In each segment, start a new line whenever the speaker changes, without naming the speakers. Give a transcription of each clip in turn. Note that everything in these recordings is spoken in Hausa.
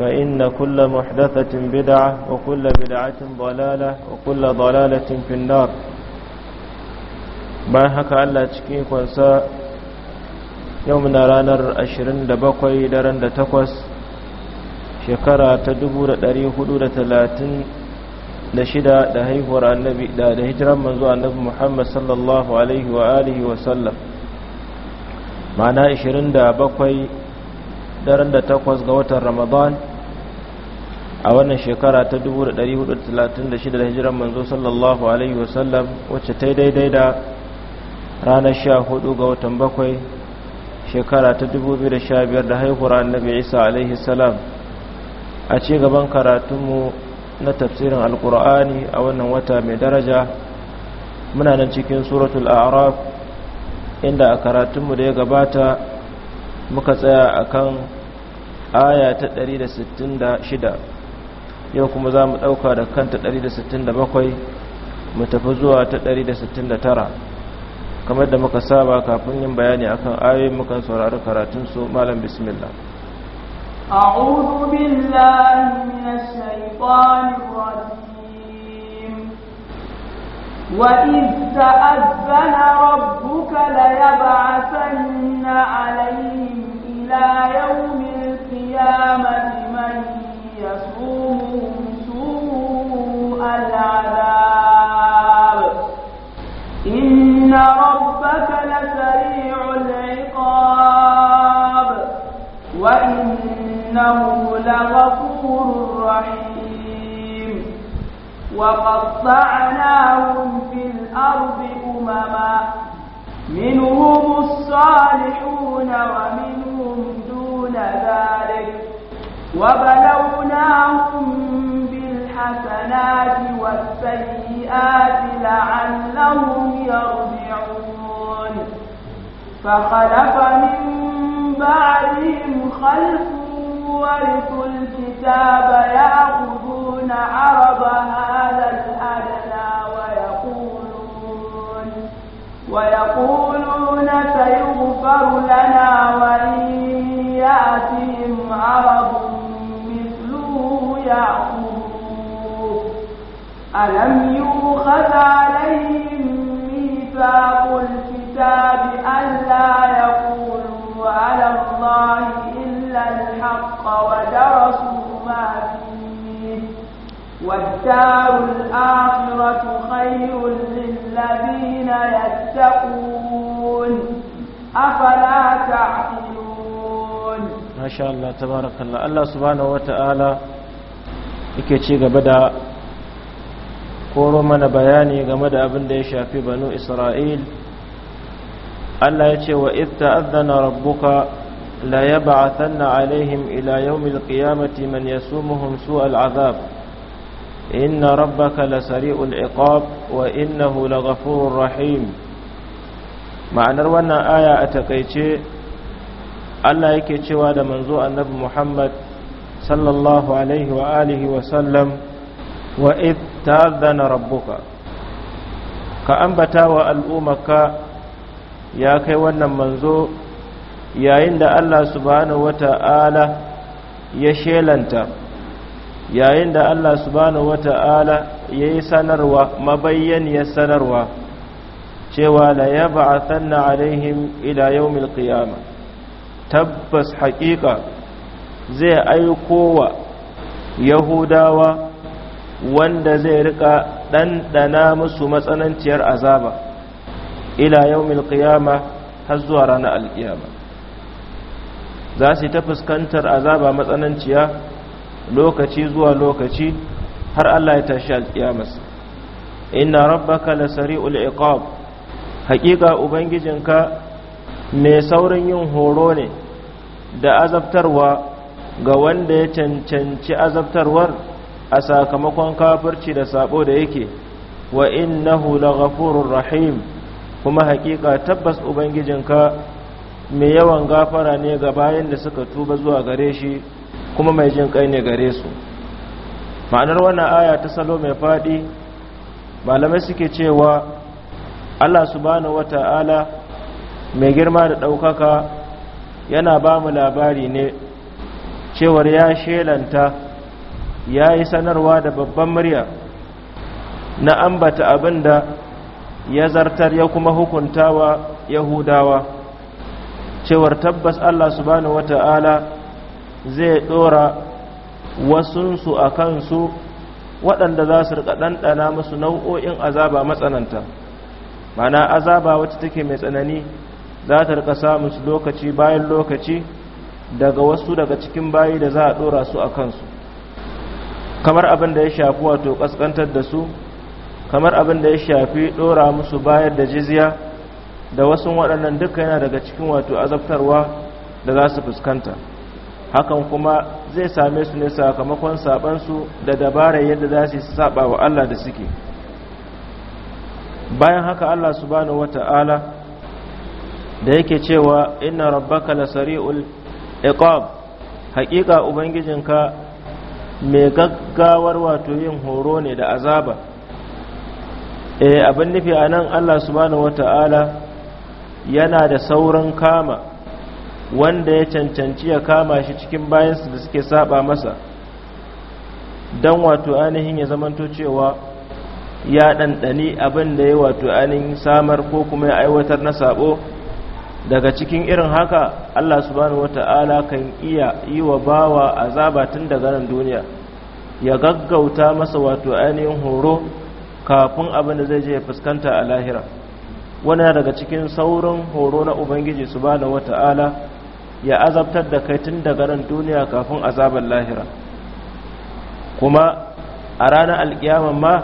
فإن كل محدثة بدعة وكل بدعة ضلالة وكل ضلالة في النار bayan haka Allah cikin kwansa yau muna ranar 27 daren da takwas shekara ta 436 da haihuwar annabi da da hijiran manzo annabi Muhammad sallallahu alaihi wa wa sallam ma'ana 27 daren da takwas ga watan Ramadan a wannan shekara ta 436 da hijiran manzo sallallahu alaihi wasallam wacce ta daidai da ranar 14 ga watan bakwai shekara ta 2015 da haihuwar annabi isa alaihi salam a ci gaban karatunmu na tafsirin alkur'ani a wannan wata mai daraja muna nan cikin suratul a'raf inda a karatunmu da ya gabata muka tsaya akan aya ta 166 yau kuma za mu ɗauka da kanta 167 mu tafi zuwa ta 169 kamar da muka saba kafin yin bayani akan ayoyin muka saurari karatun su malam bismillah
أعوذ بالله من الشيطان الرجيم وإذ تأذن ربك ليبعثن عليهم إلى يوم القيامة من يسومهم سوء العذاب إن ربك لسريع العقاب وإنه لغفور رحيم وقطعناهم في الأرض أمما منهم الصالحون ومنهم دون ذلك وبلوناهم بالحسنات والسيئات لعلهم يرجعون فخلف من بعدهم خلف ورثوا الكتاب يأخذون عرض هذا الأدنى ويقولون ويقولون سيغفر لنا وإن يأتهم عرض يعقوب ألم يؤخذ عليهم ميثاق الكتاب ألا يقولوا على الله إلا الحق ودرسوا ما فيه والدار الآخرة خير للذين يتقون أفلا تعقلون
ما شاء الله تبارك الله الله سبحانه وتعالى yake ci gaba da koro mana bayani game da abin da ya shafi banu isra'il Allah ya ce wa ita azana rabbuka la ya alaihim ila yawmil qiyamati man yasumuhum su azab inna rabbaka la sari'ul iqab wa innahu la ghafurur rahim ma'anar wannan aya a takaice Allah yake cewa da manzo annabi Muhammad صلى الله عليه وآله وسلم وإذ تأذن ربك كأنبتا والأمك يا كيوانا منزو يا عند الله سبحانه وتعالى يشيلنتا يا عند الله سبحانه وتعالى يسنروا مبين يسنروا cewa la ya ba'athanna alaihim ila yawmil qiyamah tabbas haƙiƙa zai aiko wa yahudawa wanda zai rika ɗanɗana musu matsananciyar azaba ila yawmil ƙiyama har zuwa rana alkiyama za su ta fuskantar azaba matsananciya lokaci zuwa lokaci har Allah ya tashi alkiyamas inna rabbaka lasari'ul iqab haƙiƙa ubangijinka mai saurin yin horo ne da azabtarwa ga wanda ya cancanci azabtarwar a sakamakon kafirci da sabo da yake wa innahu laghafurur rahim kuma haƙiƙa tabbas ubangijinka mai yawan gafara ne ga bayan da suka tuba zuwa gare shi kuma mai jin kai ne gare su ma'anar wannan aya ta salo mai fadi malamai suke cewa Allah subhanahu wata'ala mai girma da ɗaukaka yana ba mu labari ne cewar ya shelanta ya yi sanarwa da babban murya na ambata abinda ya zartar ya kuma hukuntawa yahudawa cewar tabbas allah subhanahu ta'ala zai dora wasunsu a kansu waɗanda za su riƙa ɗanɗana masu nau'o'in azaba matsananta mana azaba wacce take mai tsanani za ta riƙa samun lokaci bayan lokaci daga wasu daga cikin bayi da za a dora su a kansu kamar abin da ya shafi wato kaskantar da su kamar abin da ya shafi dora musu bayar da jizya da wasu waɗannan duka yana daga cikin wato azabtarwa da za su fuskanta hakan kuma zai same su ne sakamakon sabansu da dabarar yadda za su saba wa Allah da suke bayan haka Allah subhanahu wata'ala da yake cewa inna rabbaka lasari'ul iqab haƙiƙa ubangijinka mai gaggawar wato yin horo ne da azaba eh abin nufi a nan allah subhanahu wata'ala yana da sauran kama wanda ya cancanci ya kama shi cikin bayansu da suke saba masa don wato ainihin ya zamanto cewa ya ɗanɗani abin da ya wato ainihin samar ko kuma ya aiwatar na sabo daga cikin irin haka Allah subhanahu wata'ala kan iya yi wa bawa azaba tun daga nan duniya ya gaggauta masa wato ainihin horo kafin abin da zai je ya fuskanta a lahira wani daga cikin saurin horo na ubangiji subhanahu wata'ala ya azabtar da kai tun daga nan duniya kafin azabar lahira kuma a ranar alkiyama ma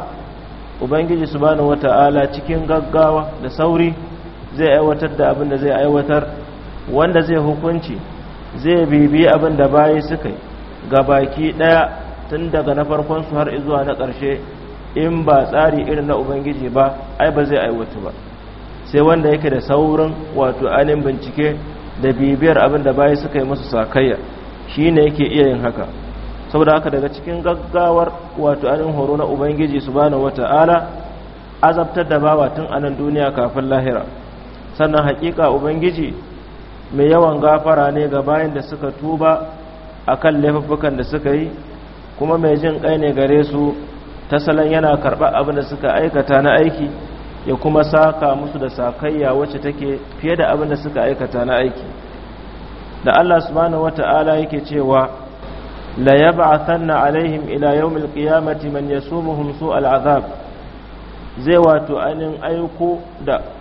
ubangiji subhanahu wata'ala cikin gaggawa da sauri zai aiwatar da abin da zai aiwatar wanda zai hukunci zai bibi abin da bayi suka ga baki daya tun daga na farkon su har zuwa na ƙarshe in ba tsari irin na ubangiji ba ai ba zai aiwatu ba sai wanda yake da saurin wato alin bincike da bibiyar abin da bayi suka yi musu sakayya shine yake iya yin haka saboda haka daga cikin gaggawar wato alin horo na ubangiji subhanahu wata'ala azabtar da bawa tun a nan duniya kafin lahira sannan hakika ubangiji mai yawan gafara ne ga bayan da suka tuba a kan laifuffukan da suka yi kuma mai jin kai ne gare su ta salon yana karɓar abin da suka aikata na aiki ya kuma saka musu da sakayya wacce take fiye da abin da suka aikata na aiki da Allah subhanahu Ta'ala yake cewa la sanna alaihim ila yawmil man yasumuhum muhimsu alazab zai wato anin aiko da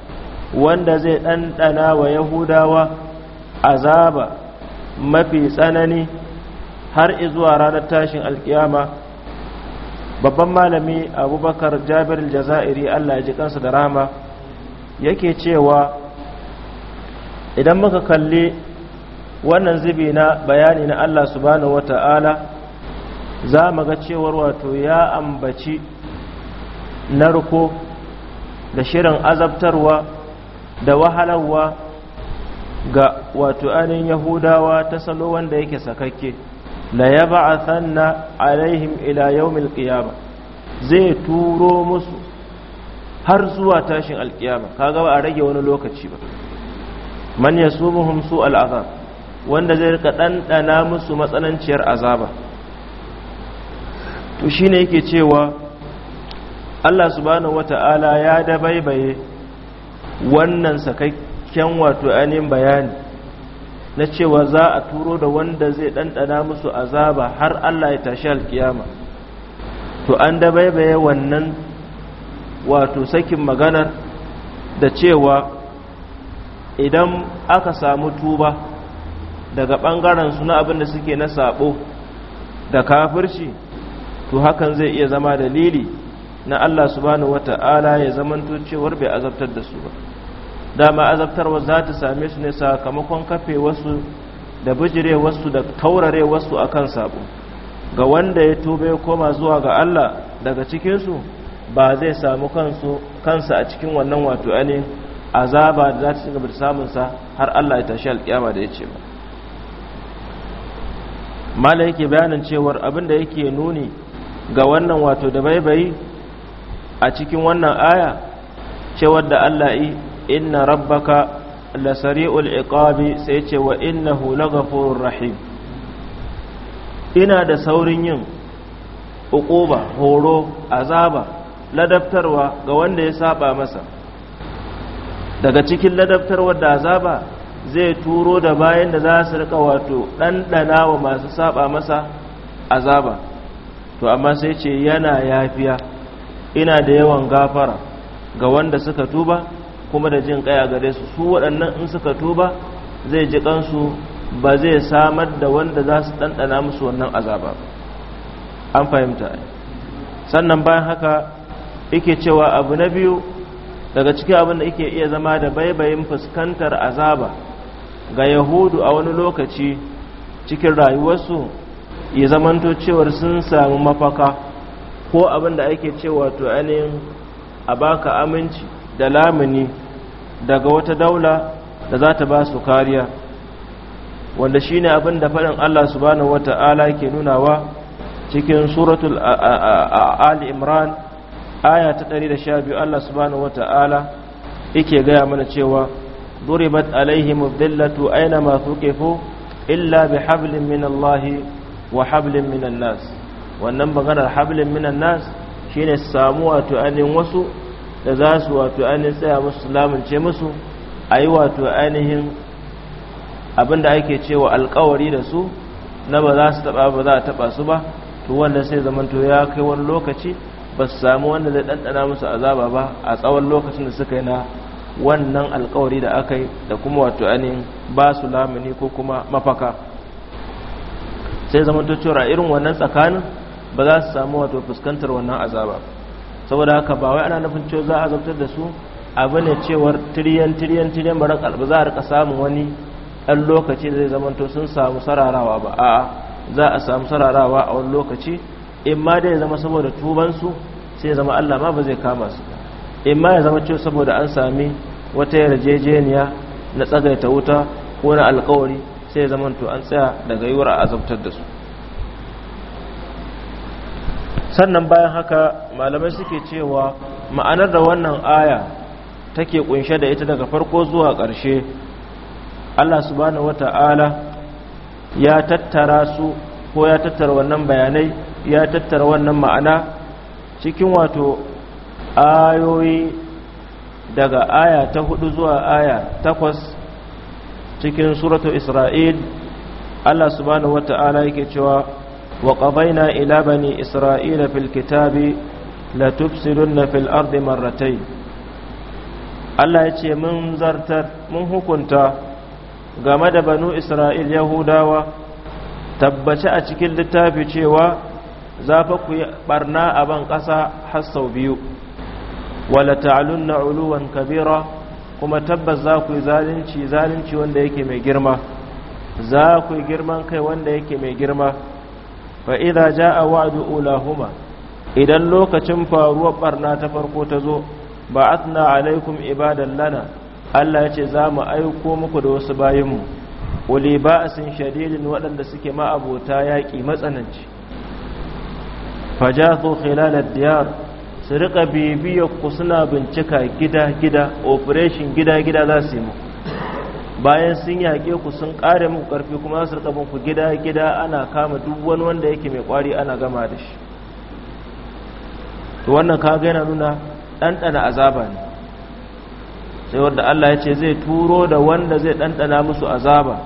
wanda zai ɗanɗana wa yahudawa azaba mafi tsanani har zuwa ranar tashin alkiyama babban malami abubakar jabir jazairi allah ji kansa da rama yake cewa idan muka kalli wannan zubi na bayani na allah subhanahu wata'ala za mu ga cewar wato ya ambaci narko da shirin azabtarwa da wahalarwa ga wato anin yahudawa ta salo wanda yake sakakke la sanna alaihim ila yawmil qiyama zai turo musu har zuwa tashin alkiyama kaga ba a rage wani lokaci ba man yasumuhum su al'azab wanda zai rika ɗanɗana musu matsananciyar azaba to shine yake cewa Allah subhanahu wata'ala ya dabaibaye wannan sakakken wato ainihin bayani na cewa za a turo da wanda zai ɗanɗana musu azaba har Allah ya tashi alkiyama to an dabaibaye wannan wato sakin maganar da cewa idan aka samu tuba daga ɓangaren suna abinda suke na sabo da kafirci to hakan zai iya zama dalili na Allah subhanahu wata'ala ya zamanto cewar bai azabtar da su ba dama azabtarwa za zata same su ne sakamakon kafe wasu da bijire wasu da taurare wasu akan sabo ga wanda ya tuba ya koma zuwa ga Allah daga cikin su ba zai samu kansu kansa a cikin wannan wato ainihin azaba da za ta cigaba da sa har Allah ya tashi alƙiyama da ya ce ba mala yake bayanin cewar abin da yake nuni ga wannan wato da baibayi a cikin wannan aya cewar da Allah yi inna rabbaka Sari'ul iqabi sai ce wa innahu laghafurur rahim ina da saurin yin uquba horo azaba ladabtarwa ga wanda ya saba masa daga cikin ladabtarwar da azaba zai turo da bayan da za su rika wato ɗanɗana wa masu saba masa azaba to amma sai ce yana yafiya ina da yawan gafara ga wanda suka tuba kuma da jin kaya gare su su waɗannan in suka tuba zai ji kansu ba zai samar da wanda za su ɗanɗana musu wannan azaba an fahimta sannan bayan haka yake cewa abu na biyu daga cikin abin da yake iya zama da baibayin fuskantar azaba ga yahudu a wani lokaci cikin rayuwarsu ya zamanto cewar sun samu mafaka ko abin da ake ce wato ainihin a baka aminci da lamuni daga wata daula da za ta ba su kariya wanda shi ne abin da faɗin Allah subhanahu ala ke nunawa cikin suratul ali imran aya ta ɗari 112 Allah subhanahu ala yake gaya mana cewa ضربت عليهم الذلة أينما ثقفوا إلا بحبل من الله وحبل من الناس wannan maganar hablin minan nas shine samu wato ainihin wasu da za su wato ainihin tsaya musu lamunce musu a yi wato ainihin abinda ake cewa alkawari da su na ba za su taba ba za a taba su ba to wanda sai zamanto ya kai wani lokaci ba su samu wanda zai ɗanɗana musu azaba ba a tsawon lokacin da suka yi na wannan alkawari da aka yi da kuma wato ainihin ba su lamuni ko kuma mafaka sai zamanto a irin wannan tsakanin ba za su samu wato fuskantar wannan azaba saboda haka ba wai ana nufin cewa za a zartar da su abu ne cewar tiriyan tiriyan tiriyan ba za a rika samun wani ɗan lokaci da zai to sun samu sararawa ba a za a samu sararawa a wani lokaci in ma dai zama saboda tubansu sai zama Allah ma ba zai kama su in ma ya zama cewa saboda an sami wata yarjejeniya na tsagaita wuta ko na alkawari sai zama to an tsaya daga yiwuwar a azabtar da su sannan bayan haka malamai suke cewa ma'anar da wannan aya take kunshe da ita daga farko zuwa ƙarshe Allah subhanahu wata'ala ya tattara su ko ya tattara wannan bayanai ya tattara wannan ma'ana cikin wato ayoyi daga aya ta hudu zuwa aya takwas cikin suratu isra'il Allah subhanahu wata'ala yake cewa وقضينا إلى بني إسرائيل في الكتاب لتفسدن في الأرض مرتين Allah ya ce mun zartar mun hukunta game da banu Isra'il Yahudawa tabbace a cikin littafi cewa za fa ku barna a ban ƙasa har sau biyu wala na uluwan kabira kuma tabbas za ku yi zalunci zalunci wanda yake mai girma za ku yi girman kai wanda yake mai girma fa idza jaa wa'du ulahuma idan lokacin faruwar barna ta farko ta zo ba atna alaikum ibadan lana Allah ya ce za mu aiko muku da wasu bayinmu uli ba'asin shadidin waɗanda suke ma'abota yaƙi matsananci fajathu khilal ad-diyar su riƙa bibiyar ku suna bincika gida gida operation gida gida za su yi muku bayan sun yaƙe ku sun ƙare muku ƙarfi kuma su rika ku gida gida ana kama duk wani wanda yake mai ƙwari ana gama da shi to wannan kaga yana nuna ɗanɗana azaba ne sai wanda Allah ya ce zai turo da wanda zai ɗanɗana musu azaba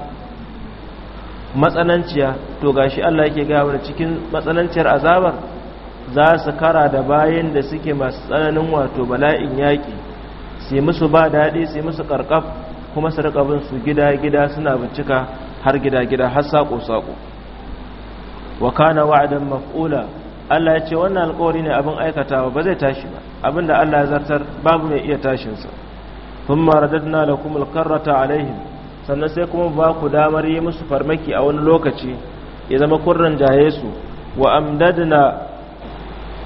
matsananciya to gashi Allah yake gaya wani cikin matsananciyar azabar za su kara da bayan da suke masu tsananin wato bala'in yaƙi sai musu ba daɗi sai musu ƙarƙaf kuma su rika bin su gida gida suna bincika har gida gida har sako sako wa kana wa'dan maf'ula Allah ya ce wannan alƙawari ne abin aikatawa ba zai tashi ba abinda Allah ya zartar babu mai iya tashin sa thumma radadna lakum alqarrata alaihim sannan sai kuma ba ku damar yi musu farmaki a wani lokaci ya zama kurran jaye su wa amdadna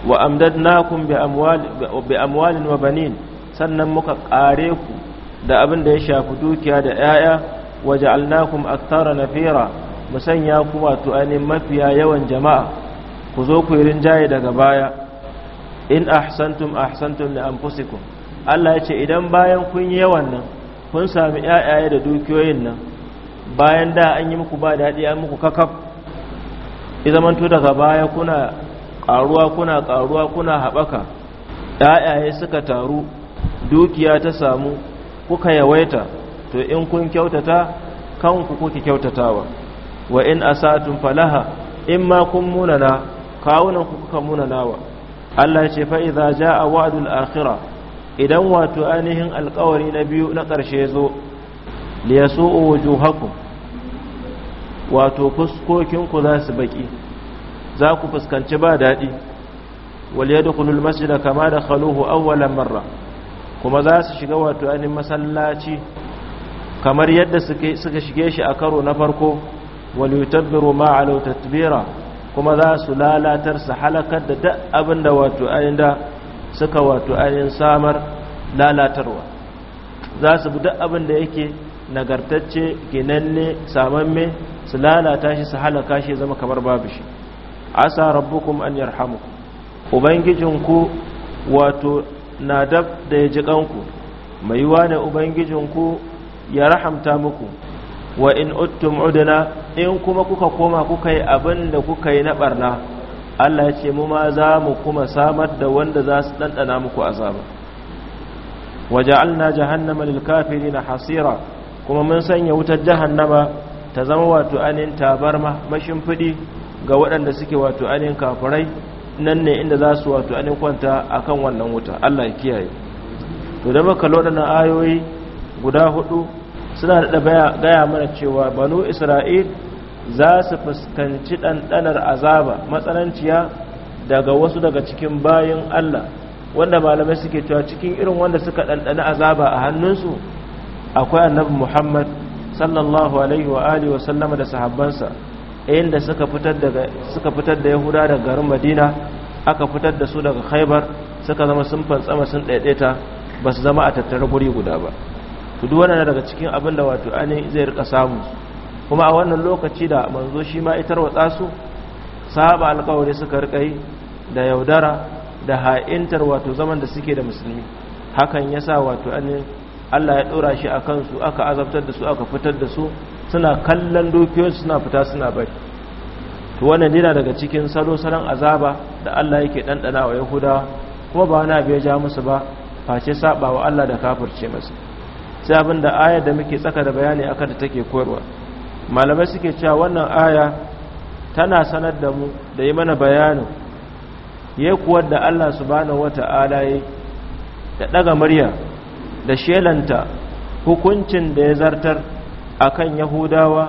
wa amdadnakum bi amwalin wa banin sannan muka kare ku da abin da ya shafi dukiya da 'ya'ya waje alnakum aktara nafira mu sanya ku wato mafiya yawan jama'a ku zo ku yi rinjaye daga baya in ahsantum ahsantum li anfusikum Allah ya ce idan bayan kun yi yawan nan kun sami 'ya'yaye da dukiyoyin nan bayan da an yi muku ba daɗi an muku kakaf izamanto daga baya kuna ƙaruwa kuna ƙaruwa kuna haɓaka ‘ya'yaye suka taru dukiya ta samu kuka yawaita to in kun kyautata kanku kuke kyautatawa wa in asatun falaha in ma kun munana kawunan ku kuka munanawa Allah ce fa idza jaa wa'dul akhirah idan wato ainihin alkawari na biyu na ƙarshe zo yasu'u wujuhakum wato fuskokinku za su baki za ku fuskanci ba daɗi wal yadkhulul masjida kama dakhaluhu awwalan marra kuma za su shiga wato ainihin masallaci kamar yadda suka shige shi a karo na farko biro ma'alau tatbira kuma za su lalatar su halakar da duk abin da wato ainihin da suka wato ainihin samar lalatarwa za su bi duk abin da yake nagartacce ginanne samamme su lalata shi su halaka shi zama kamar babu shi asa rabbukum an yarhamu ubangijinku wato na dab da ya ji kanku mai yiwa ne ubangijinku ya rahamta muku wa in uttum udna in kuma kuka koma kuka yi abin da kuka yi na barna Allah ya ce mu ma za mu kuma samar da wanda za su ɗanɗana muku azaba waja'alna jahannama lil na hasira kuma mun sanya wutar jahannama ta zama wato anin tabarma fidi ga waɗanda suke wato anin kafirai nan ne inda za su wato ainihin kwanta kan wannan wuta Allah ya kiyaye to da muka lura ayoyi guda hudu suna da gaya mana cewa banu isra'il za su fuskanci ɗanɗanar azaba matsananciya daga wasu daga cikin bayan Allah wanda malamai suke cewa cikin irin wanda suka ɗanɗana azaba a hannunsu akwai annabi muhammad sallallahu alaihi wa alihi wa sallama da sahabbansa inda suka fitar fitar da yahuda daga garin madina aka fitar da su daga khaibar suka zama sun fantsama sun daidaita ba su zama a tattara guri guda ba to duk daga cikin abin da wato ainihin zai rika samu kuma a wannan lokaci da manzo shi ma itar watsa su saba alƙawari suka rika yi da yaudara da ha'intar wato zaman da suke da musulmi hakan yasa wato ainihin Allah ya dora shi akan su aka azabtar da su aka fitar da su suna kallon dukiyoyinsu suna fita suna bari to wannan yana daga cikin salo salon azaba da Allah yake dandana wa yahudawa kuma ba wani abu ya ja musu ba face saba wa Allah da kafirce masa sai abin da ayar da muke tsaka da bayani akan da take koyarwa malamai suke cewa wannan aya tana sanar da mu da yi mana bayanin ya kuwar da Allah su subhanahu wata alaye da ɗaga murya da shelanta hukuncin da ya zartar akan yahudawa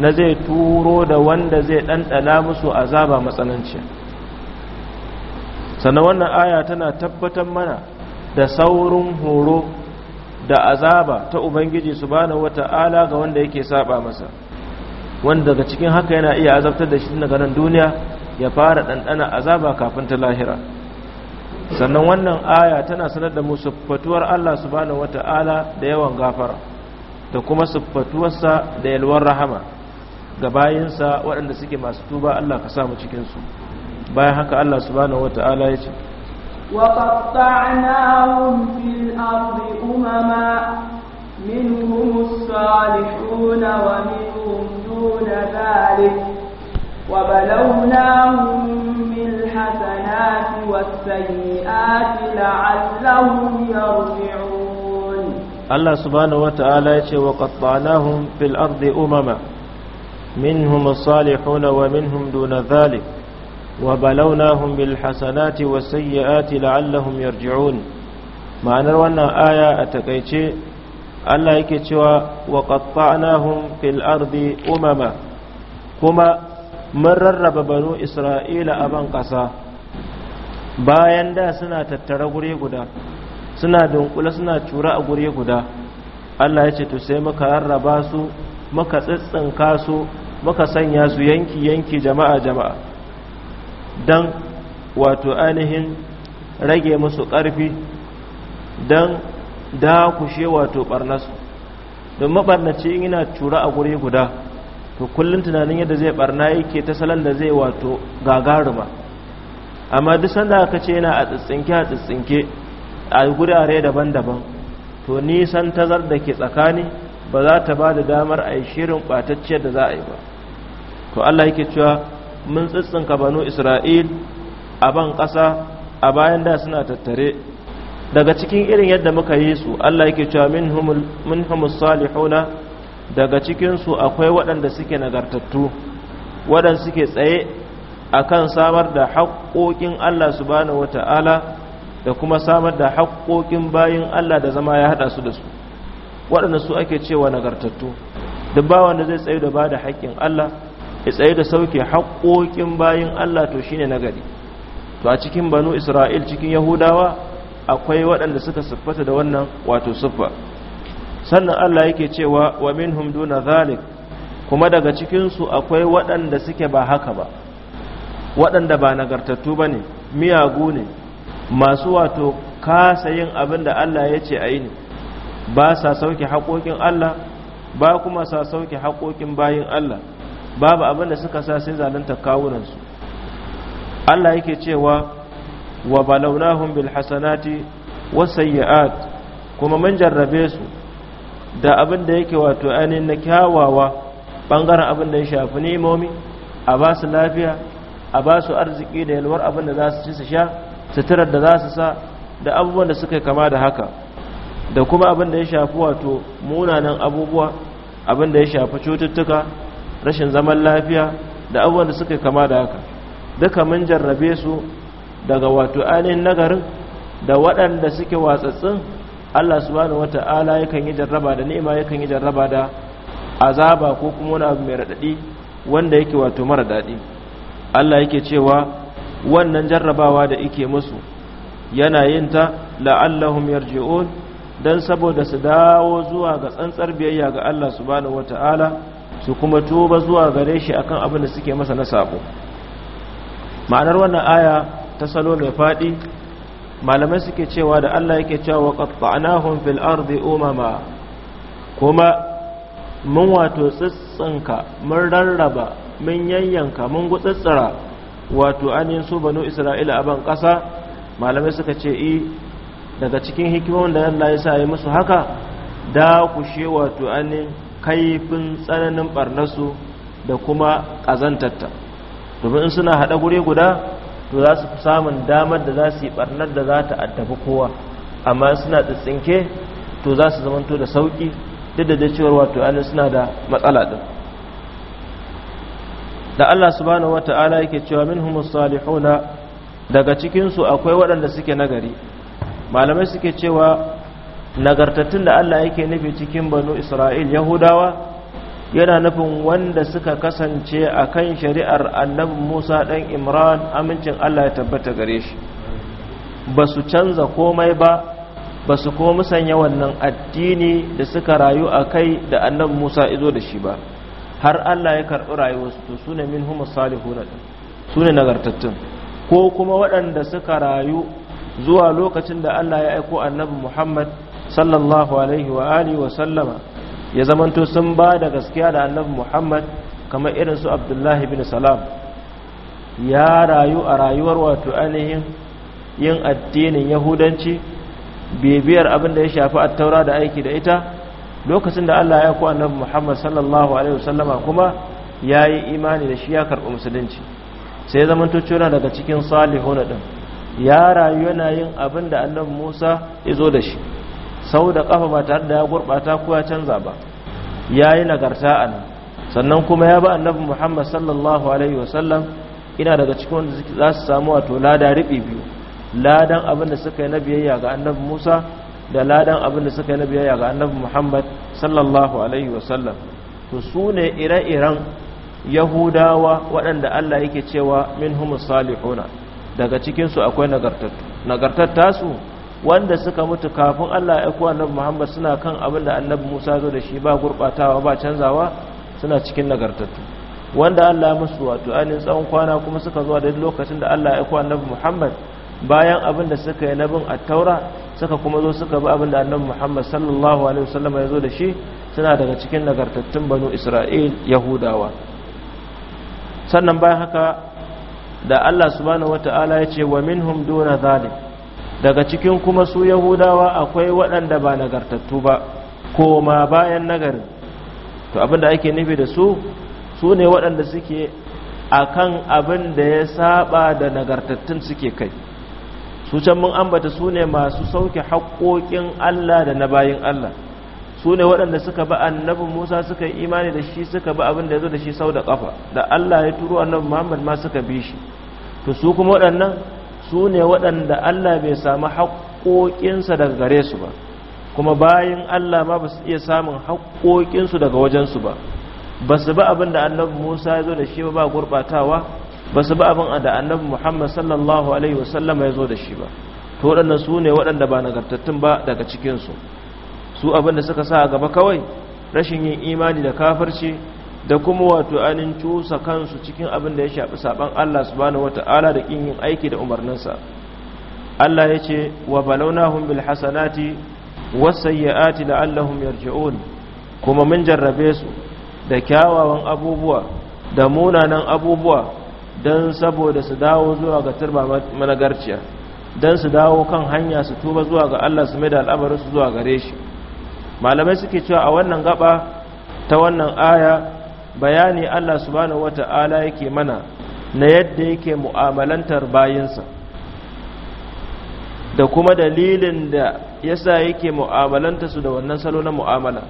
na zai turo da wanda zai ɗanɗana musu azaba matsananci sannan wannan aya tana tabbatar mana da saurin horo da azaba ta ubangiji subhanahu wata'ala ga wanda yake saba masa wanda daga cikin haka yana iya azabtar da shi daga nan duniya ya fara ɗanɗana azaba kafin ta lahira sannan wannan aya tana sanar da musu fatuwar Allah subhanahu wata'ala da yawan gafara da kuma siffatuwarsa da yalwar rahama ga bayinsa waɗanda suke masu tuba Allah ka samu cikinsu bayan haka Allah subhanahu wata'ala ya ce
وقطعناهم في الأرض أمما منهم الصالحون ومنهم دون ذلك وبلوناهم بالحسنات والسيئات لعلهم يرجعون
Allah subhanahu wata'ala ya ce wa qattanahum fil ardi umama minhum as-salihun wa minhum duna dhalik wa balawnahum bil hasanati was sayyiati la'allahum yarji'un ma'anar wannan aya a takaice Allah yake cewa wa qattanahum fil ardi umama kuma mun rarraba banu Isra'ila a ban ƙasa bayan da suna tattara gure guda suna dunkula suna cura a guri guda Allah ya ce to sai muka rarraba su muka tsitsinka su muka sanya su yanki yanki jama'a jama'a dan wato ainihin rage musu ƙarfi dan dakushe wato barnasu don mabarnaci in yana cura a guri guda to kullum tunanin yadda zai barna yake ta salon da zai wato gagaruma amma duk sanda aka ce yana a tsitsinke a tsitsinke a gudare daban-daban to nisan tazar da ke tsakani ba za ta ba da damar a yi shirin ɓatacciyar da za a yi ba to Allah yake cewa mun tsitsinka banu isra'il a ban ƙasa a bayan da suna tattare daga cikin irin yadda muka yi su Allah yake cewa min humus salihuna daga cikinsu akwai waɗanda suke nagartattu waɗanda suke tsaye akan samar da haƙoƙin Allah subhanahu wata'ala da kuma samar da haƙoƙin bayin Allah da zama ya haɗa su da su waɗanda su ake cewa nagartattu duk bawan da zai tsaye da ba da haƙƙin Allah ya tsaye da sauke haƙoƙin bayan Allah to shine nagari to a cikin banu Isra'il cikin Yahudawa akwai waɗanda suka siffata da wannan wato siffa sannan Allah yake cewa wa minhum duna zalik kuma daga cikinsu akwai waɗanda suke ba haka ba waɗanda ba nagartattu bane miyagu ne masu wato kasa yin abin da Allah ya ce a yi ne ba sa sauke haƙoƙin Allah ba kuma sa sauke haƙoƙin bayin Allah babu abin da suka sa sai zalunta kawunansu Allah yake cewa wa balawnahum bil hasanati was sayyi'at kuma mun jarrabe su da abin da yake wato ainihin na kyawawa bangaren abin da ya shafi nemomi a ba su lafiya a ba su arziki da yalwar abin da za su ci su sha suturar da za su sa da abubuwan da suka kama da haka da kuma abin da ya shafi wato munanan abubuwa abin da ya shafi cututtuka rashin zaman lafiya da abubuwan da suka kama da haka duka mun jarrabe su daga wato ainihin nagarin da waɗanda suke watsatsin Allah subhanahu ala yakan yi jarraba da ni'ima yakan yi jarraba da azaba ko kuma wani abu mai raɗaɗi wanda yake wato mara daɗi Allah yake cewa wannan jarrabawa da ike musu yana yin ta la'allahum yarji'un dan saboda su dawo zuwa ga tsantsar biyayya ga Allah Su subhanahu wata'ala su kuma tuba zuwa gare shi akan abin da suke masa na sabo ma'anar wannan aya ta salo mai fadi malamai suke cewa da Allah yake cewa qatta'nahum fil ardi umama kuma mun wato tsitsinka mun rarraba mun yayyanka mun gutsitsira wato ainihin su banu isra'ila a ban ƙasa malamai suka ce i daga cikin hikimar da Allah ya sa yi musu haka da kushe wato ainihin kaifin tsananin barnasu da kuma ƙazantarta domin suna haɗa guri guda to za su fi samun damar da za su yi barnar da za ta addabi kowa amma suna tsitsinke to za su zamanto da sauƙi duk da cewar wato ainihin suna da matsala ɗin da Allah subhanahu wata'ala yake cewa minhumus salihuna daga cikin su akwai waɗanda suke nagari malamai suke cewa nagartattun da Allah yake nufi cikin banu Isra'il Yahudawa yana nufin wanda suka kasance a kan shari'ar annabi Musa ɗan Imran amincin Allah ya tabbata gare shi ba su canza komai ba ba su ko musanya wannan addini da suka rayu a kai da annabi Musa izo da shi ba har Allah ya karɓi rayuwarsu to su ne min salihu salihuna su ne nagartattun ko kuma waɗanda suka rayu zuwa lokacin da Allah ya aiko annabi Muhammad sallallahu alaihi wa alihi wa sallama ya zamanto sun ba da gaskiya da annabi Muhammad kamar irin su Abdullahi bin Salam ya rayu a rayuwar wato ainihin yin addinin Yahudanci bibiyar abin da ya shafi taura da aiki da ita lokacin da Allah ya ku annabi Muhammad sallallahu alaihi wasallama kuma yayi imani da shi ya karɓi musulunci sai zaman tocciya daga cikin na din ya rayu yana yin abin da annabi Musa ya zo da shi sau da kafa ba tare da ya gurbata ko ya canza ba yayi nagarta a nan sannan kuma ya ba annabi Muhammad sallallahu alaihi wasallam ina daga cikin wanda za su samu wato lada riɓi biyu ladan abin da suka yi na biyayya ga annabi Musa da ladan abin da suka yi na biyayya ga annabi Muhammad sallallahu alaihi wasallam to su ne ire-iren yahudawa waɗanda Allah yake cewa minhum salihuna daga cikinsu akwai nagartattu nagartatta su wanda suka mutu kafin Allah ya aiko annabi Muhammad suna kan abin da annabi Musa zo da shi ba gurbatawa ba canzawa suna cikin nagartattu wanda Allah ya musu wato ainihin tsawon kwana kuma suka zuwa da lokacin da Allah ya aiko annabi Muhammad bayan abin da suka yi nabin a taura suka kuma zo suka bi abin da annabi muhammad sallallahu alaihi wasallam ya zo da shi suna daga cikin nagartattun banu isra'il yahudawa sannan bayan haka da allah subhanahu wata'ala ya ce wa minhum duna zalim daga cikin kuma su yahudawa akwai waɗanda ba nagartattu ba koma bayan nagarin to abin da ake nufi da su su ne waɗanda suke akan abin da ya saba da nagartattun suke kai su can mun ambata su ne masu sauke haƙoƙin Allah da na bayin Allah su ne waɗanda suka ba annabi Musa suka yi imani da shi suka ba abin da ya zo da shi sau da ƙafa da Allah ya turo annabi Muhammad ma suka bi shi to su kuma waɗannan su ne waɗanda Allah bai samu haƙoƙinsa daga gare su ba kuma bayin Allah ma ba su iya samun haƙoƙinsu daga wajensu ba ba su ba abin da annabi Musa ya zo da shi ba ba gurɓatawa ba su ba abin da annabi muhammad sallallahu alaihi wasallama ya zo da shi ba to waɗannan su ne waɗanda ba nagartattun ba daga cikinsu su abin da suka sa a gaba kawai rashin yin imani da kafarci da kuma wato anin cusa kansu cikin abin da ya shafi saban Allah subhanahu wata'ala da ƙin yin aiki da umarninsa Allah ya ce wa balawnahum bil hasanati was sayyiati la'allahum yarji'un kuma mun jarrabe su da kyawawan abubuwa da munanan abubuwa don saboda su dawo zuwa ga turba managarciya don su dawo kan hanya su tuba zuwa ga Allah su mai da al'amarinsu zuwa gare shi malamai suke cewa a wannan gaba ta wannan aya bayani Allah subhanahu wata'ala yake mana na yadda yake mu'amalantar bayinsa da kuma dalilin da yasa yake mu'amalantarsu da wannan salo na mu'amala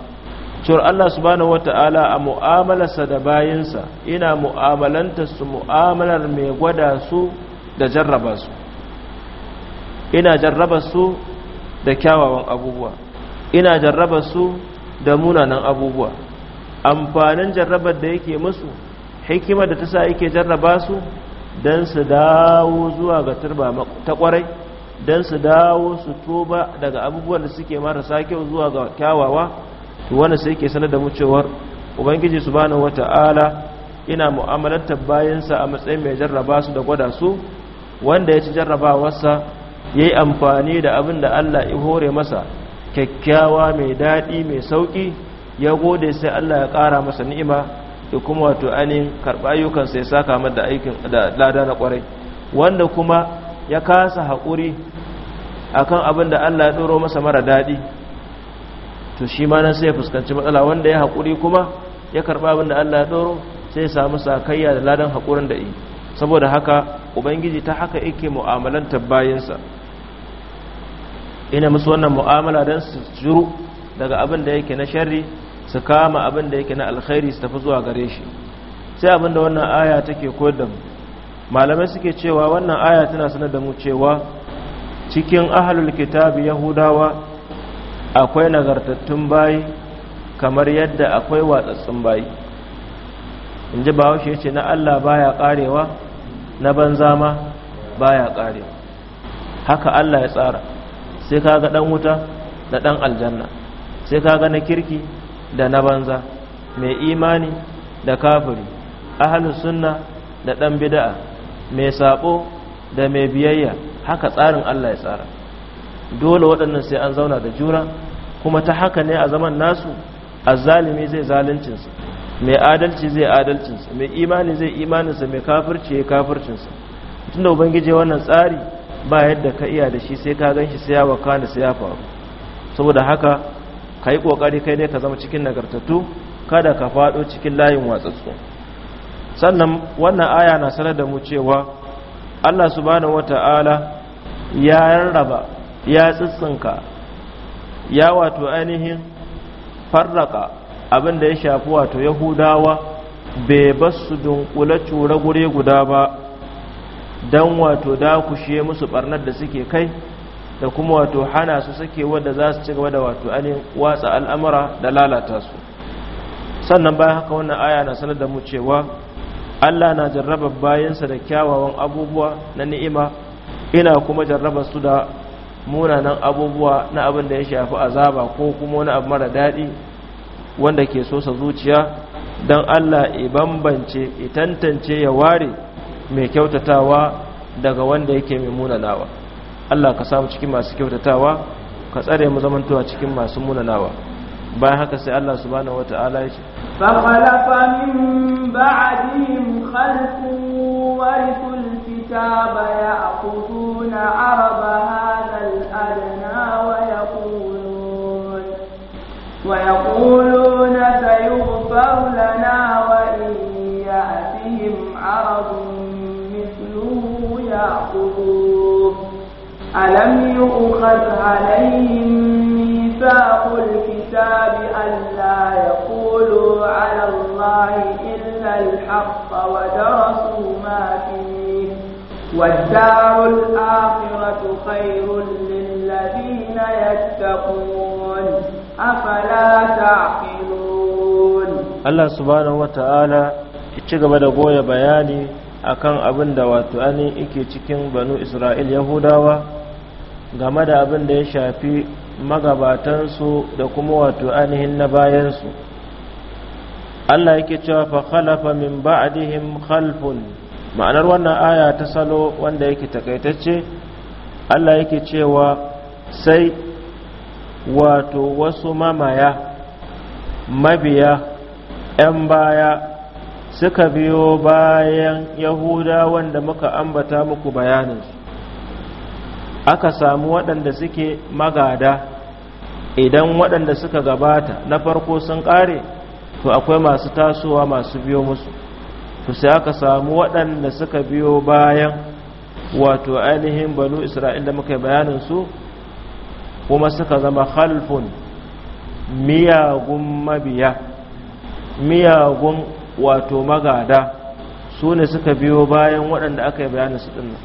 cewar Allah subhanahu wata'ala a mu'amalarsa da bayansa, ina mu'amalanta su mu'amalar mai gwada su da jarraba su ina jarraba su da kyawawan abubuwa ina jarraba su da munanan abubuwa amfanin jarrabar da yake musu hikimar da ta sa yake jarraba su don su dawo zuwa ga turba ta kwarai don su dawo su toba daga abubuwan da suke marasa kyau zuwa ga kyawawa to wannan sai yake sanar da mu cewar ubangiji subhanahu wata'ala ina mu'amalantar bayansa a matsayin mai jarraba su da gwada su wanda ya ci jarrabawarsa ya yi amfani da abin da Allah ya hore masa kyakkyawa mai daɗi mai sauƙi ya gode sai Allah ya kara masa ni'ima da kuma wato ainihin karɓa ayyukansa ya saka mata da aikin da lada na ƙwarai wanda kuma ya kasa haƙuri akan abin da Allah ya ɗoro masa mara daɗi to shi ma na sai ya fuskanci matsala wanda ya haƙuri kuma ya karɓa abin da Allah ya ɗoro sai ya samu sakayya da ladan haƙurin da yi saboda haka ubangiji ta haka yake mu'amalantar bayansa ina musu wannan mu'amala don su juru daga abin da yake na sharri su kama abin da yake na alkhairi su tafi zuwa gare shi sai abin da wannan aya take koyar da mu malamai suke cewa wannan aya tana sanar da mu cewa cikin ahlul kitabi yahudawa akwai nagartattun bayi kamar yadda akwai watsattun bayi in ji bahaushe ce na Allah baya karewa na banza ma baya karewa haka Allah ya tsara sai kaga dan wuta da dan aljanna sai kaga na kirki da na banza mai imani da kafiri ahlus sunna da dan bidaa mai sabo da mai biyayya haka tsarin Allah ya tsara dole waɗannan sai an zauna da juna kuma ta haka ne a zaman nasu azzalimi zai zaluncinsa mai adalci zai adalcinsa mai imani zai imaninsa mai kafirci ya kafircinsa tun da ubangiji wannan tsari ba yadda ka iya da shi sai ka gan shi sai ya waka da sai ya faru saboda haka ka yi ƙoƙari kai ne ka zama cikin nagartattu kada ka faɗo cikin layin watsatsu sannan wannan aya na sanar da mu cewa allah subhanahu wata'ala ya rarraba ya tsitsinka ya wato ainihin farraka abinda ya shafi wato yahudawa bai basu dunkula cura gure guda ba don wato dakushe musu barnar da suke kai da kuma wato hana su suke wadda za su ci gaba da wato ainihin watsa al'amura da lalata su sannan bayan haka wannan aya na sanar da mu cewa Allah na jarrabar bayansa da kyawawan abubuwa na ni'ima ina kuma jarraba su da munanan abubuwa na abin da ya shafi azaba ko kuma wani abu mara daɗi wanda ke sosa zuciya don Allah ya bambance ya tantance ya ware mai kyautatawa daga wanda yake mai munanawa Allah ka samu cikin masu kyautatawa ka tsare mu zamantowa cikin masu munanawa bayan haka sai Allah su subhanahu wata'ala ya ce
فخلف من بعدهم خلق ورثوا الكتاب يأخذون عرب هذا الأدنى ويقولون ويقولون سيغفر لنا وإن يأتهم عرب مثله يأخذوه ألم يؤخذ عليهم ميثاق الكتاب ألا يقولوا على الله إلا الحق ودرسوا والدار الآخرة خير للذين يتقون أفلا تعقلون
الله سبحانه وتعالى ci gaba da goya bayani akan abin da wato ani yake cikin banu isra'il yahudawa game da abin da ya shafi magabatansu da kuma wato ainihin na bayansu Allah yake cewa fa khalafa min ba'dihim khalfun ma'anar wannan aya ta salo wanda yake takaitacce Allah yake cewa sai wato wasu mamaya mabiya 'yan baya suka biyo bayan yahuda wanda muka ambata muku bayaninsu aka samu waɗanda suke magada idan waɗanda suka gabata na farko sun ƙare to akwai masu tasowa masu biyo musu to sai aka samu waɗanda suka biyo bayan wato ainihin banu isra'il da muka bayanin su kuma suka zama khalfun miyagun mabiya miyagun wato magada su ne suka biyo bayan waɗanda aka yi bayanin su dinnan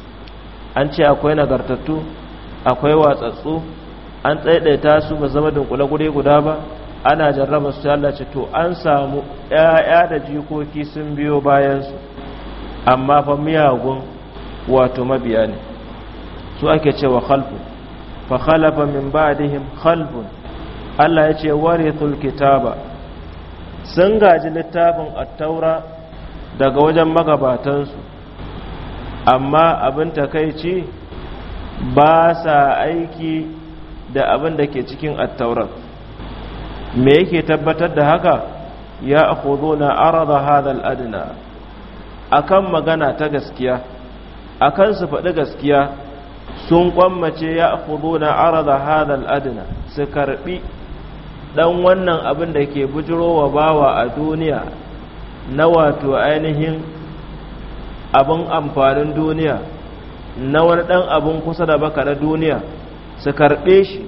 an ce akwai nagartattu akwai watsatsu an ta su ba zama dunkule guri guda ba ana jarraba su Allah to an samu yaya da jikoki sun biyo bayansu amma fa miyagun wato mabiya ne su ake cewa khalfu fa khalafa min ba'dihim khalfun Allah ya ce warithul kitaba sun gaji littafin at-taura daga wajen magabatan su amma abin takaici ba sa aiki da abin da ke cikin at-taurat me yake tabbatar da haka ya akhuduna arada hadal al-adna akan magana ta gaskiya akan su faɗi gaskiya sun kwammace ya akhuduna arada hadha al-adna su karbi dan wannan abin da ke bujirowa bawa a duniya na wato ainihin abin amfanin duniya na wani dan abin kusa da baka na duniya su karbe shi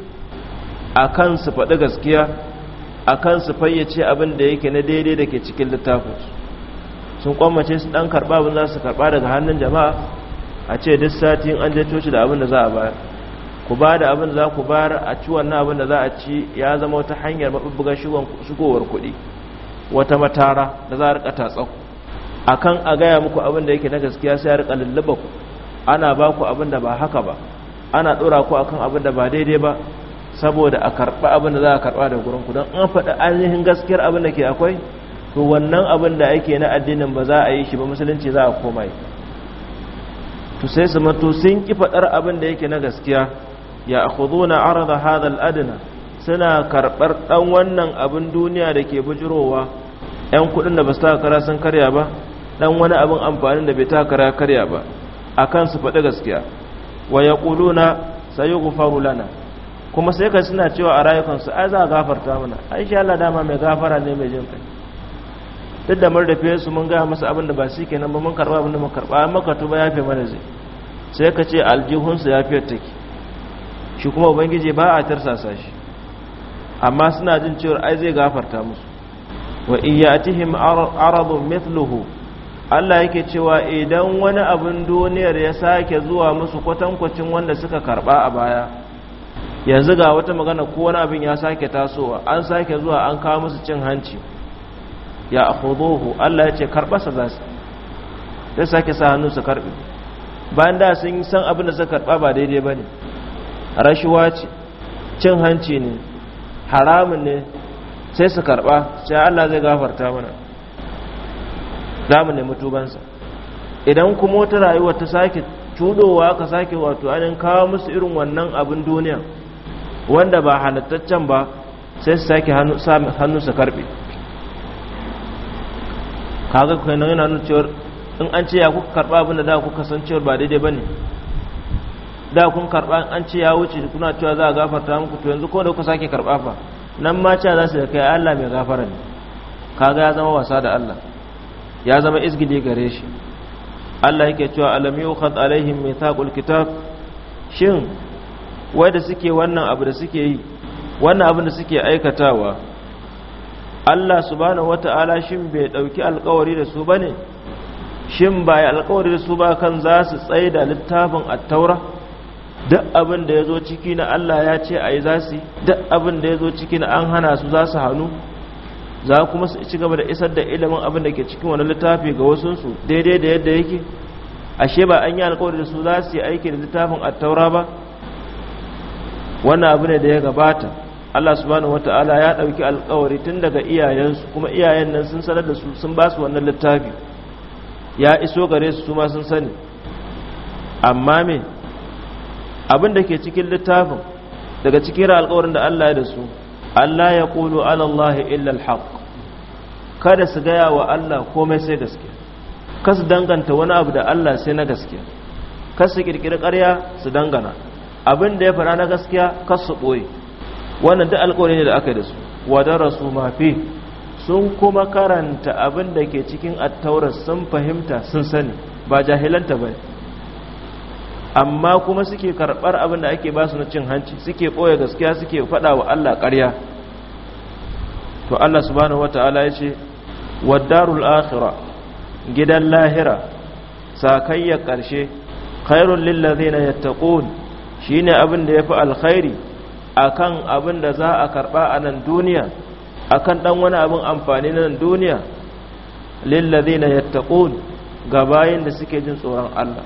akan su faɗi gaskiya kan su fayyace abin da yake na daidai da ke cikin littafin sun kwamace su ɗan karɓa abin za su karɓa daga hannun jama'a a ce duk sati an je coci da abin da za a bayar ku ba da abin za ku bayar a ci wannan abin da za a ci ya zama wata hanyar mabubbugar shigowar kuɗi wata matara da za a rika tatsau akan a gaya muku abin da yake na gaskiya sai a rika lullaba ku ana ba ku abin da ba haka ba ana ɗora ku akan abin da ba daidai ba saboda a karɓa abin da za a karɓa da gurinku don an faɗi ainihin gaskiyar abin da ke akwai to wannan abin da ake na addinin ba za a yi shi ba musulunci za a koma yi to sai su mato sun ki faɗar abin da yake na gaskiya ya akhudhu na da hadal adana suna karɓar ɗan wannan abin duniya da ke bujirowa 'yan kuɗin da ba su takara sun karya ba ɗan wani abin amfanin da bai takara karya ba akan su faɗi gaskiya wa yaquluna gufaru lana kuma sai ka suna cewa a rayukansu ai za a gafarta mana ai sha Allah dama mai gafara ne mai jin kai duk da murdafe su mun gaya masa abin da ba su kenan ba mun karba abin da mun karba amma ka tuba yafe mana zai sai ka ce ya yafiyar take shi kuma ubangiji ba a tarsasa shi amma suna jin cewa ai zai gafarta musu wa iyatihim aradun mithluhu Allah yake cewa idan wani abin duniyar ya sake zuwa musu kwatankwacin wanda suka karba a baya yanzu ga wata magana ko wani abin ya sake tasowa an sake zuwa an kawo musu cin hanci ya akhuduhu Allah ya ce karbasa za su sai sake sa hannu su karɓi bayan da sun san abin da suka karɓa ba daidai ba ne rashuwa ce cin hanci ne haramun ne sai su karɓa sai Allah zai gafarta mana za mu nemi tubansa idan kuma wata rayuwa ta sake cudowa ka sake wato anin kawo musu irin wannan abin duniya wanda ba halattaccen ba sai su sake hannu su karbe kaga kuma yana nuna cewar in an ce ya kuka karba abinda da kuka san ba daidai ba ne da kun karba an ce ya wuce kuna cewa za a gafarta muku to yanzu ko da kuka sake karba fa nan ma cewa za su da kai Allah mai gafara ne kaga ya zama wasa da Allah ya zama izgili gare shi Allah yake cewa alam yukhad alaihim mithaqul kitab shin wai da suke wannan abu da suke yi wannan abin da suke aikatawa Allah subhanahu wata'ala shin bai dauki alkawari da su bane shin bai alkawari da su ba kan za su tsaye da littafin at-taura duk abin da yazo ciki na Allah ya ce ai za su duk abin da yazo ciki na an hana su za su hanu za kuma su ci gaba da isar da ilimin abin da ke cikin wani littafi ga wasun su daidai da yadda yake ashe ba an yi alkawari da su za su yi aiki da littafin at-taura ba wannan abu ne da ya gabata Allah subhanahu wata'ala ya ɗauki alƙawari tun daga iyayensu kuma iyayen nan sun sanar da su sun ba su wannan littafi ya iso gare su ma sun sani amma me abin da ke cikin littafin daga cikin alƙawarin da Allah ya da su Allah ya ƙulu alallahi illal haq kada su gaya wa Allah komai sai gaskiya kas danganta wani abu da Allah sai na gaskiya su kirkiri ƙarya su dangana abin da ya fara na gaskiya kasu ɓoye wannan duk alkawari ne da aka yi da su wadara mafi sun kuma karanta abin da ke cikin attaurar sun fahimta sun sani ba jahilanta ba amma kuma suke karɓar abin da ake basu na cin hanci suke ɓoye gaskiya suke faɗa wa allah ƙarya to allah subhanahu wata'ala ya ce wadarul akhira gidan lahira sakayya ƙarshe khairun lillazina yattaqun Shi ne abin da ya fi alkhairi a kan abin da za a karɓa a nan duniya a kan ɗan wani abin amfani na nan duniya na yattaqun ga bayin da suke jin tsoron Allah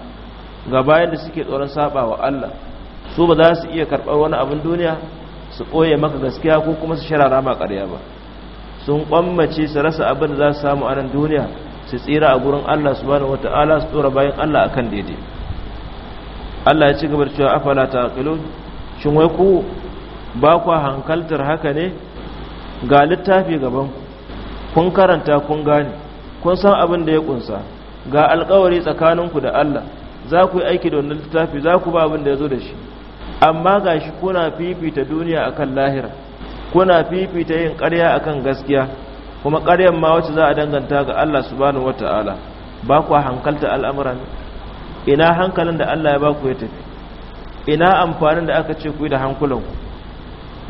ga da suke tsoron wa Allah su ba za su iya karɓar wani abin duniya su ɓoye maka gaskiya ko kuma su shirara ma ƙarya ba sun ƙwammace su rasa abin da za su samu a nan duniya su tsira a gurin Allah subhanahu wataala su tsora bayan Allah akan daidai Allah ya ci gaba da cewa afala taqilun shin wai ku ba ku hankaltar haka ne ga littafi gaban kun karanta kun gane kun san abin da ya kunsa ga alkawari tsakaninku da Allah za ku yi aiki da wannan littafi za ku ba abin da ya zo da shi amma ga shi kuna fifita duniya akan lahira kuna fifita yin ƙarya akan gaskiya kuma ƙaryan ma wacce za a danganta ga Allah subhanahu wata'ala ba ku hankalta al'amuran ina hankalin da Allah ya ba ku ya tafi ina amfanin da aka ce ku yi da hankulanku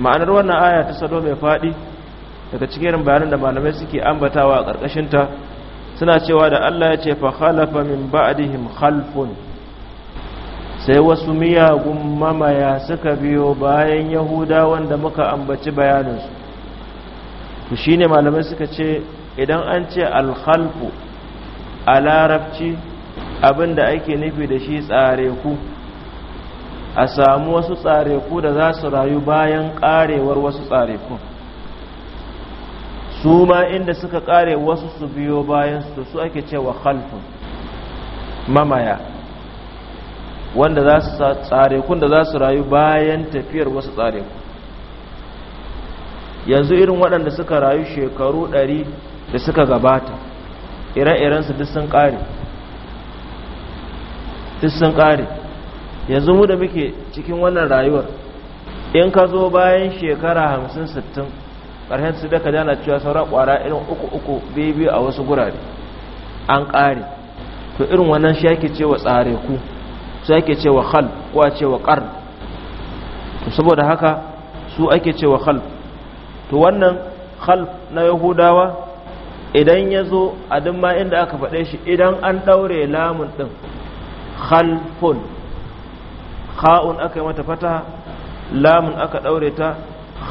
ma'anar wannan aya ta salo mai faɗi daga cikin bayanin da malamai suke ambatawa a ƙarƙashinta suna cewa da Allah ya ce fa khalafa min ba'dihim khalfun sai wasu miyagun mamaya suka biyo bayan Yahuda wanda muka ambaci bayaninsu to shine malamai suka ce idan an ce alkhalfu a larabci abin da ake nufi da shi tsare ku a samu wasu tsare ku da za su rayu bayan karewar wasu tsare ku su ma inda suka kare wasu su biyo bayan su su ake cewa khalfun mamaya wanda za su tsare ku da za su rayu bayan tafiyar wasu tsare ku yanzu irin waɗanda suka rayu shekaru ɗari da suka gabata ire-irensu duk sun kare. duk sun kare yanzu mu da muke cikin wannan rayuwar in ka zo bayan shekara hamsin sittin ƙarshen su daga jana cewa sauran ƙwara irin uku uku biyu bi a wasu gurare an ƙare to irin wannan shi yake cewa tsare ku shi yake cewa hal ko a cewa ƙar to saboda haka su ake cewa hal to wannan hal na yahudawa idan ya zo a duk ma inda aka faɗe shi idan an ɗaure lamun ɗin khalfun kha'un aka yi mata fata lamun aka daure ta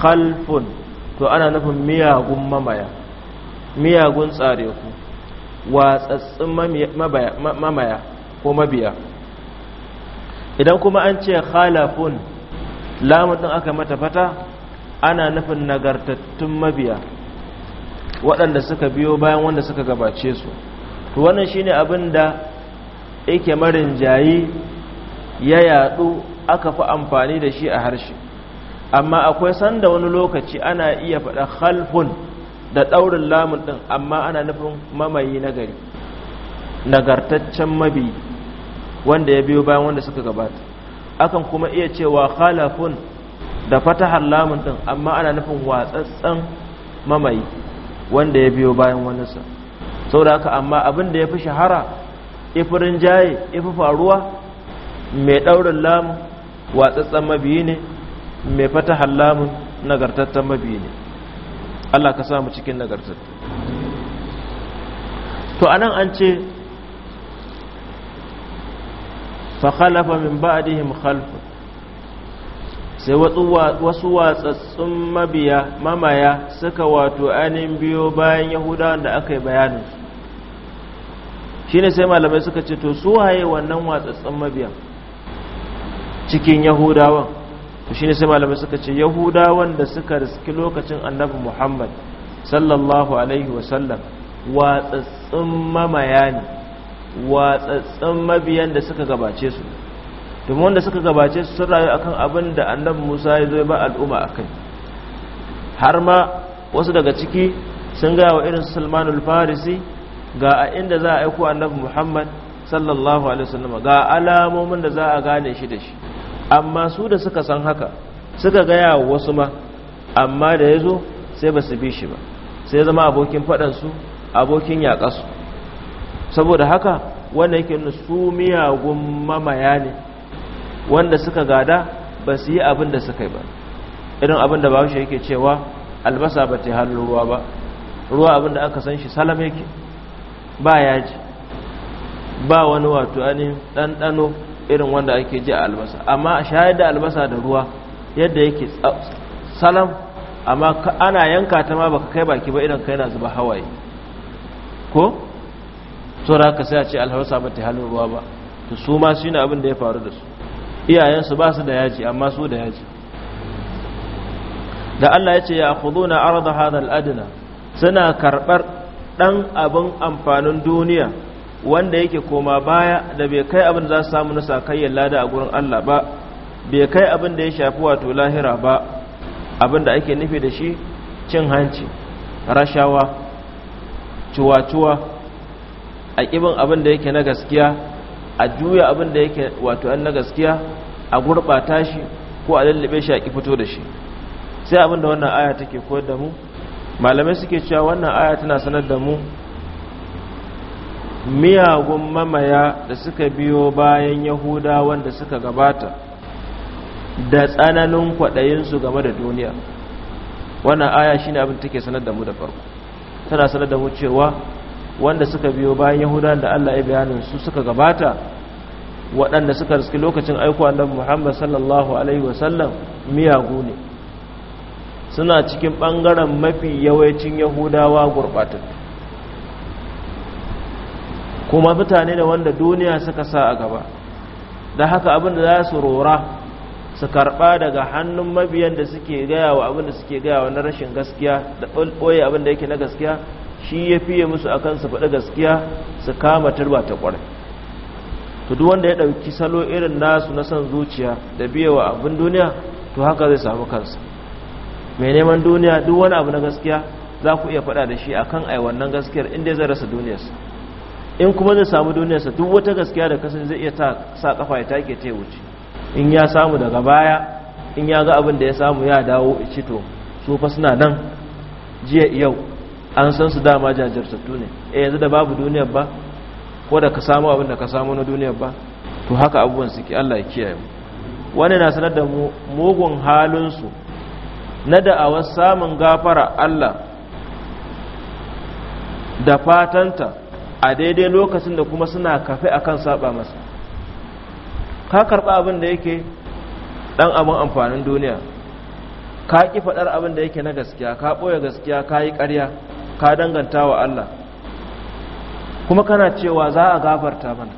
khalfun to ana nufin miyagun mamaya miyagun tsare ku watsatsin mamaya ko mabiya idan kuma an ce khalafun lamun ɗin aka mata fata ana nufin nagartattun mabiya waɗanda suka biyo bayan wanda suka gabace su to wannan shine abin da yake marin jayi ya yadu aka fi amfani da shi a harshe amma akwai sanda wani lokaci ana iya faɗa khalfun da ɗaurin lamun ɗin amma ana nufin mamayi nagari nagartaccen mabi wanda ya biyo bayan wanda suka gabata akan kuma iya cewa khalafun da fatahar lamun ɗin amma ana nufin watsatsen mamayi wanda ya biyo bayan wani sa sau da haka amma abin da ya fi shahara ifirin jaye ifi faruwa mai ɗaurin lamun watsatsan mabiyi ne mai fata hallamun nagartattan mabiyi ne Allah ka samu cikin nagartattu to anan an ce fa khalafa min ba'dihim khalfun sai wasu watsatsun mabiya mamaya suka wato ainihin biyo bayan yahudawan da aka yi bayaninsu shine sai malamai suka ce to su waye wannan watsatsan mabiyan cikin yahudawan to shine sai malamai suka ce yahudawan da suka riski lokacin annabi muhammad sallallahu alaihi wasallam watsatsan mamaya ne watsatsan mabiyan da suka gabace su domin wanda suka gabace su sun rayu akan abin da annabi musa ya zo ba al'umma akai har ma wasu daga ciki sun gaya wa irin sulmanul farisi ga a inda za a aiko annabi Muhammad sallallahu alaihi wasallam ga alamomin da za a gane shi da shi amma su da suka san haka suka gaya wasu ma amma da yazo sai ba su bi shi ba sai zama abokin fadan su abokin yaƙasu saboda haka wanda yake su miyagun mamaya ne wanda suka gada ba su yi abin da suka yi ba irin abin da bahaushe yake cewa albasa ba ta halin ruwa ba ruwa abin da aka san shi salam yake ba yaji ba wani wato ainihin ɗanɗano irin wanda ake ji a albasa amma a shayar da albasa da ruwa yadda yake salam amma ana yanka ta ma baka kai baki ba idan kai na zuba hawaye ko tsora ka sai a ce alhausa ba ta halin ruwa ba to su ma shi abin da ya faru da su iyayensu ba su da yaji amma su da yaji da Allah ya ce ya khuduna arda hadha al-adna suna karɓar. Dan abin amfanin duniya wanda yake koma baya da bai kai abin za su samu na sakayyar lada a gurin Allah ba bai kai abin da ya shafi wato lahira ba abin da ake nufi da shi cin hanci rashawa cuwa-cuwa a ƙibin abin da yake na gaskiya a juya abin da yake wato an na gaskiya a gurɓata shi ko a lallabe shi a ƙi fito da shi sai abin da wannan aya take koyar da mu malamai suke cewa wannan aya tana sanar da mu miyagun mamaya da suka biyo bayan yahuda wanda suka gabata da tsananin kwaɗayinsu game da duniya wannan aya shine abin take sanar da mu da farko tana sanar da mu cewa wanda suka biyo bayan yahuda da allah ya bayanin su suka gabata waɗanda suka riski lokacin aiko annabi muhammad sallallahu alaihi wasallam miyagu ne suna cikin ɓangaren mafi yawancin yahudawa gurɓatattu kuma mutane da wanda duniya suka sa a gaba da haka abin da za su rora su karɓa daga hannun mabiyan da suke gaya wa abin da suke gaya wa na rashin gaskiya da ɓoye abin da yake na gaskiya shi ya fiye musu a su faɗi gaskiya su kama turba ta ƙwarai to duk wanda ya ɗauki salo irin nasu na son zuciya da biyewa abin duniya to haka zai samu kansa mai neman duniya duk wani abu na gaskiya za ku iya faɗa da shi akan kan wannan gaskiyar inda zai rasa duniyarsa in kuma zai samu duniyarsa duk wata gaskiya da kasance zai iya sa kafa ya take ta wuce in ya samu daga baya in ya ga abin da ya samu ya dawo a cito su fa suna nan jiya yau an san su dama jajirtattu ne e yanzu da babu duniyar ba ko da ka samu abin da ka samu na duniyar ba to haka abubuwan suke Allah ya kiyaye mu wani na sanar da mugun halinsu. na da'awar samun gafara Allah da fatanta a daidai lokacin da kuma suna kafe akan saba masa ka karɓa abin da yake ɗan abin amfanin duniya ka ƙi faɗar abin da yake na gaskiya ka ɓoye gaskiya ka yi ƙarya ka danganta wa Allah kuma kana cewa za a gafarta mana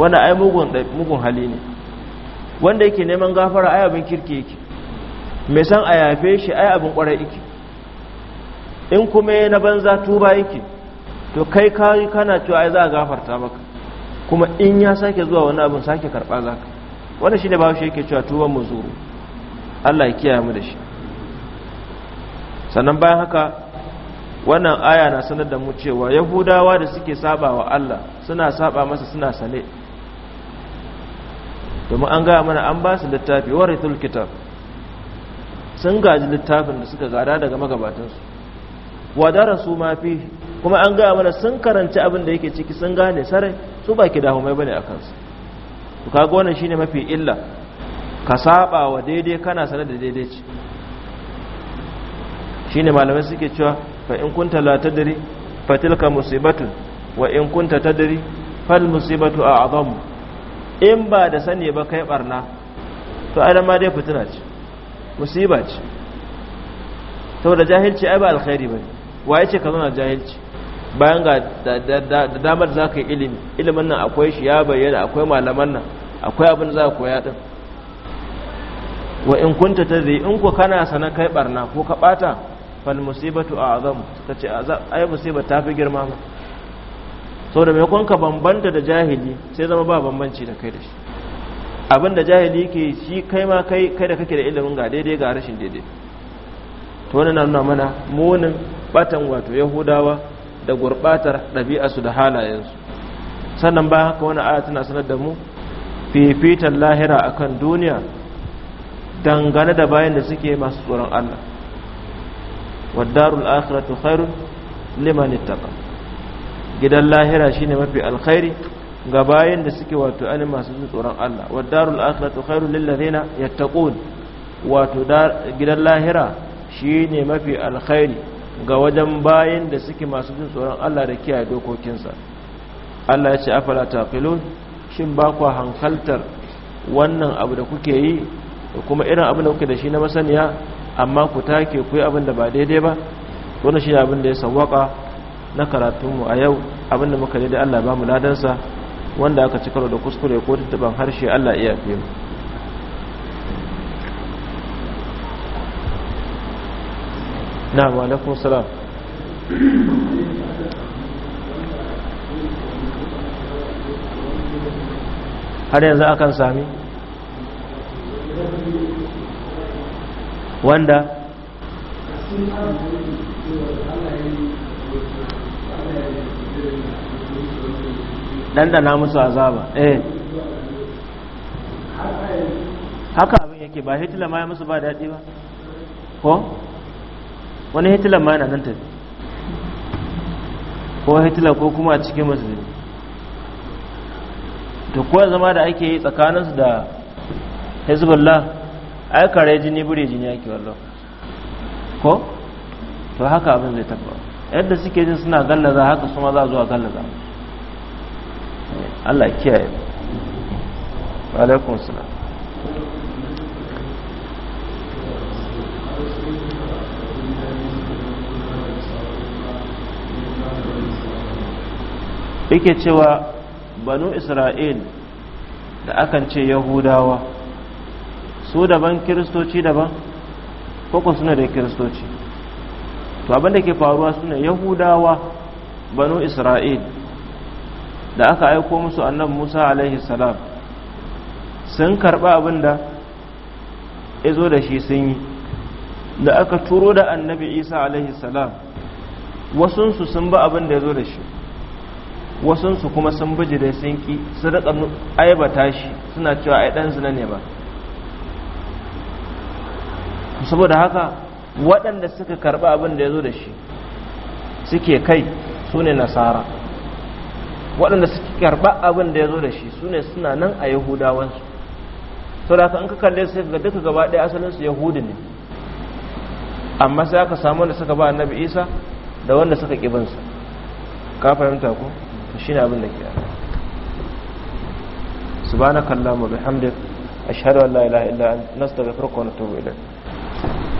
wanda ai mugun hali ne wanda yake neman gafara ai abin kirki yake mai san a yafe shi ai abin kwarai iki in kuma ya na banza tuba yake to kai kari kana cewa ai za a gafarta maka kuma in ya sake zuwa wani abin sake karba za ka wanda shi ne ba shi yake cewa tuban mu zuru allah ya kiyaye mu da shi sannan bayan haka wannan aya na sanar da mu cewa yahudawa da suke saba wa allah suna saba masa suna sane domin an gaya mana an ba su littafi warithul kitab sun gaji littafin da suka gada daga magabatansu wadara su ma fi kuma an gaya mana sun karanci abin da yake ciki sun gane sarai su ba ki dahu mai bane a kansu to gona wannan shine mafi illa ka saba wa daidai kana sanar da daidai ce ne malamai suke cewa fa in kunta la dare fa tilka wa in kunta dare fal musibatu azamu in ba da sani ba kai barna to ai ma dai fitina ce musiba ce saboda jahilci ai ba alkhairi bane waye ce ka zauna jahilci bayan ga da damar za ka yi ilimi ilimin nan akwai shi ya bayyana akwai malaman nan akwai abin za ka koya din wa in kunta tadri in ku kana sana kai barna ko ka bata fal musibatu a'zam tace ai musiba ta fi girma ma saboda mai kun ka bambanta da jahili sai zama ba bambanci da kai da shi abin da jahili ke shi kai ma kai kai da kake da ilimin ga daidai ga rashin daidai to wannan nuna mana munin batan wato yahudawa da gurbatar ɗabi'arsu da halayensu sannan ba haka wani aya tana sanar da mu fifitan lahira akan duniya dangane da bayan da suke masu tsoron Allah waddarul akhiratu khairun liman ittaqa gidan lahira shine mafi alkhairi ga bayan da suke wato ainihin masu jin tsoron Allah wa darul akhiratu khairul lil ladina yattaqun wato gidan lahira shine mafi alkhairi ga wajen bayan da suke masu jin tsoron Allah da kiyaye dokokinsa Allah ya ce afala taqilun shin ba ku hankaltar wannan abu da kuke yi da kuma irin abin da kuke da shi na masaniya amma ku take ku yi abin da ba daidai ba wannan shi abin da ya sawaka na karatunmu a yau abin da muka daidai Allah ba mu ladansa wanda aka ci karo da kuskure ko tattaban harshe Allah iya fi mu na wa alaikum salam har yanzu akan sami wanda dandana musu azaba eh haka abin yake ba hitler ma ya musu ba daɗi ba ko wani hitler ma yana nan tafi ko hitler ko kuma a cikin musulmi to kuwa zama da ake yi tsakaninsu da hezbollah ai kare jini bure jini ake wallo ko to haka abin zai taɓa yadda suke jin suna gallaza haka su ma za zuwa gallaza Allah kiyaye alaikun suna yake cewa banu isra'il da akan ce yahudawa su daban kiristoci daban koko suna da kiristoci to abinda ke faruwa suna yahudawa banu isra'il da aka aiko musu annabi Musa alaihi salam sun karba abinda ya zo da shi sun yi da aka turo da annabi Isa alaihi salam wasunsu sun ba abinda ya zo da shi wasunsu kuma sun biji da sun ki su rika aibata shi suna cewa ai dan zina ne ba saboda haka waɗanda suka karba abinda ya zo da shi suke kai su ne nasara waɗanda suke karɓa abin da ya zo da shi su ne suna nan a yahudawansu sau da an ka kalle su ga duka gaba ɗaya asalinsu yahudu ne amma sai aka samu wanda suka ba annabi isa da wanda suka ƙibinsa ka fahimta ko to shi ne abin da ke yana subhanakallahumma bihamdik ashhadu an la ilaha illa daga farko na natubu
ilayk